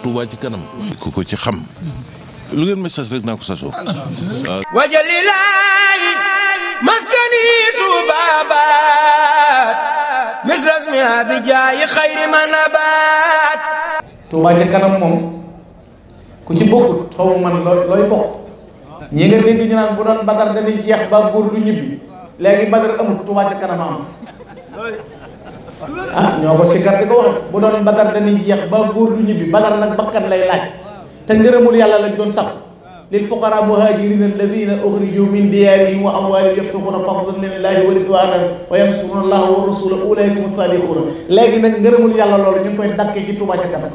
Touba ci kanam ku ko ci xam lu ngeen message rek naa ko sasoo wajalilaayi maskani Touba baat misras mi abijaayi xayri man abaat Touba ci kanam moom ku ci bokkut xaw ma man looy looy bokk ñi nga dégg ñu naan bu doon badar dañuy jeex ba góor du ñibbi léegi badar amut Touba ci kanam am ah ñoo ko sikkar di ko wax bu doon badar dañuy jeex ba góor du ñibbi badar nag bakkan lay laaj te ngërëmul yàlla lañ doon sàkku lil fuqara muhajirina alladina uxriju min diyaarihim wa amwalihim yabtaxuna fadlan min allahi wa ridwanan wa yansuruna allaha wa rasula ulaika hum sadiquna léegi nag ngërëmul yàlla loolu ñu ngi koy dakkee ci Tuuba a kanam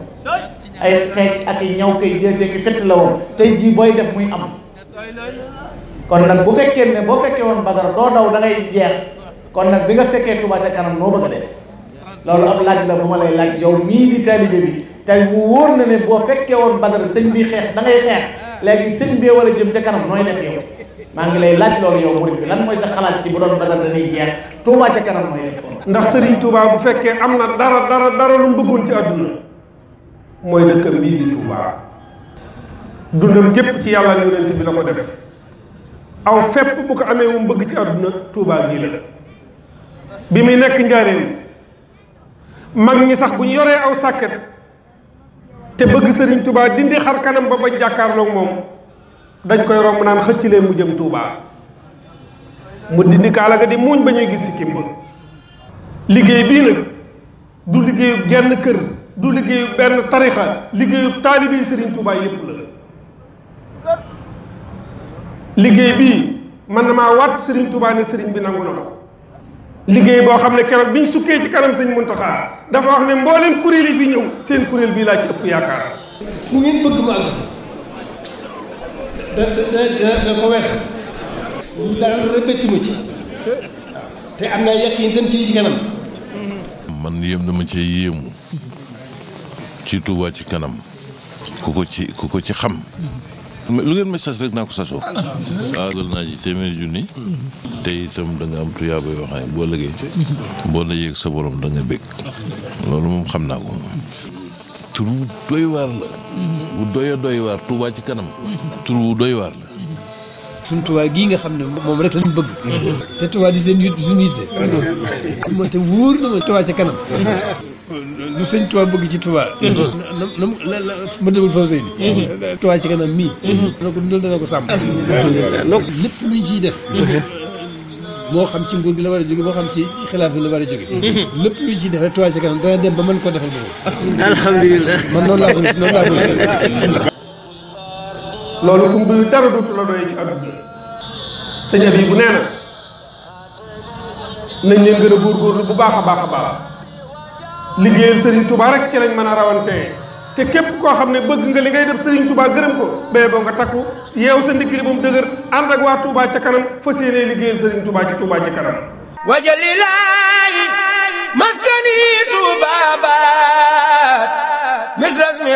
ay xeej ak i ñaw kay jeesee ki fett la woon tey jii booy def muy am kon nag bu fekkee ne boo fekkee woon badar doo daw da ngay jeex kon nag bi nga fekkee Tuuba a kanam noo bëgg def loolu am laaj la bu ma lay laaj yow mii di taalibe bi tey mu wóor na ne boo fekkee woon badar sëñ bi xeex da ngay xeex léegi sëñ bee war a jëm ca kanam nooy def yow maa ngi lay laaj loolu yow murid bi lan mooy bu doon badar dañuy jeex Touba ca kanam mooy ndax Serigne Touba bu fekkee am na dara dara dara lu mu bëggoon ci àdduna mooy dëkkam bii di Touba dundam ci yàlla yonent bi la ko def aw fépp bu ko amee mu bëgg ci àdduna Touba gii la muy nekk njaareem mag ñi sax bu ñu yoree aw sàkket te bëgg sëriñ Touba dindi xar kanam ba bañ jàkkaarloog moom dañ koy romb naan xëcc leen mu jëm tuubaa mu dindi kaala ga di muuñ ba ñuy gis si kimba liggéey bii nag du liggéeyu genn kër du liggéeyu benn tarixa liggéeyu taalibi sëriñ Touba yépp la liggéey bii man na maa waat sëriñ Touba ne sëriñ bi nangu na liggéey boo xam ne keroog biñ sukkee ci kanam sëñ Muntaxa dafa wax ne mboolem kuréel yi fi ñëw seen kuréel bii laa ci ëpp yaakaar fu ngeen bëgg mu àgg da da da ko wees lii daal rëbbati ma ci te am naa yàqin tam ci ci kanam man yéem dama cee yéemu ci Tuubaa ci kanam ku ko ci ku ko ci xam lu ngeen message rek naa ko sasoo. waaw naa ji téeméeri junni. te itam da nga am tuyaaba yoo xam ne boo lëggee. boo la yéeg sa borom da bég. loolu moom xam naa ko moom. tur doy waar la. bu doyoo doy waar Tuubaa ci kanam. tur wu doy waar la. suñ Tuubaa gii nga xam ne moom rek lañ bëgg. te Tuubaa di ci kanam. lu sëñ Tuubaa bëgg ci Tuubaa mm-hmm. na mu la ma déglu faw sëy ni mm-hmm. Tuubaa ci kanam mii mm-hmm. ko dundal dana lépp lu ñu ciy def moo xam ci nguur la war a jóge moo xam ci xilaaf bi la war a jóge lépp lu ciy def rek Tuubaa ci dem ba mën koo defal boppam alhamdulilah man noonu laa ko noonu laa ko loolu ku mu doy dara dootu la ci àdduna sëñ bi bu nee leen gën a góorgóorlu bu baax a baax a baax liggéeyal Serigne Touba rek ci lañ mën a rawantee te képp koo xam ne bëgg nga li ngay def Serigne Touba gërëm ko bee boo nga takku yeew sa ndigg li ba mu dëgër ànd ak waa Touba ca kanam fas yéenee liggéeyal Serigne Touba ci Touba ci kanam. wajalilaayi maskani Touba baat misras mi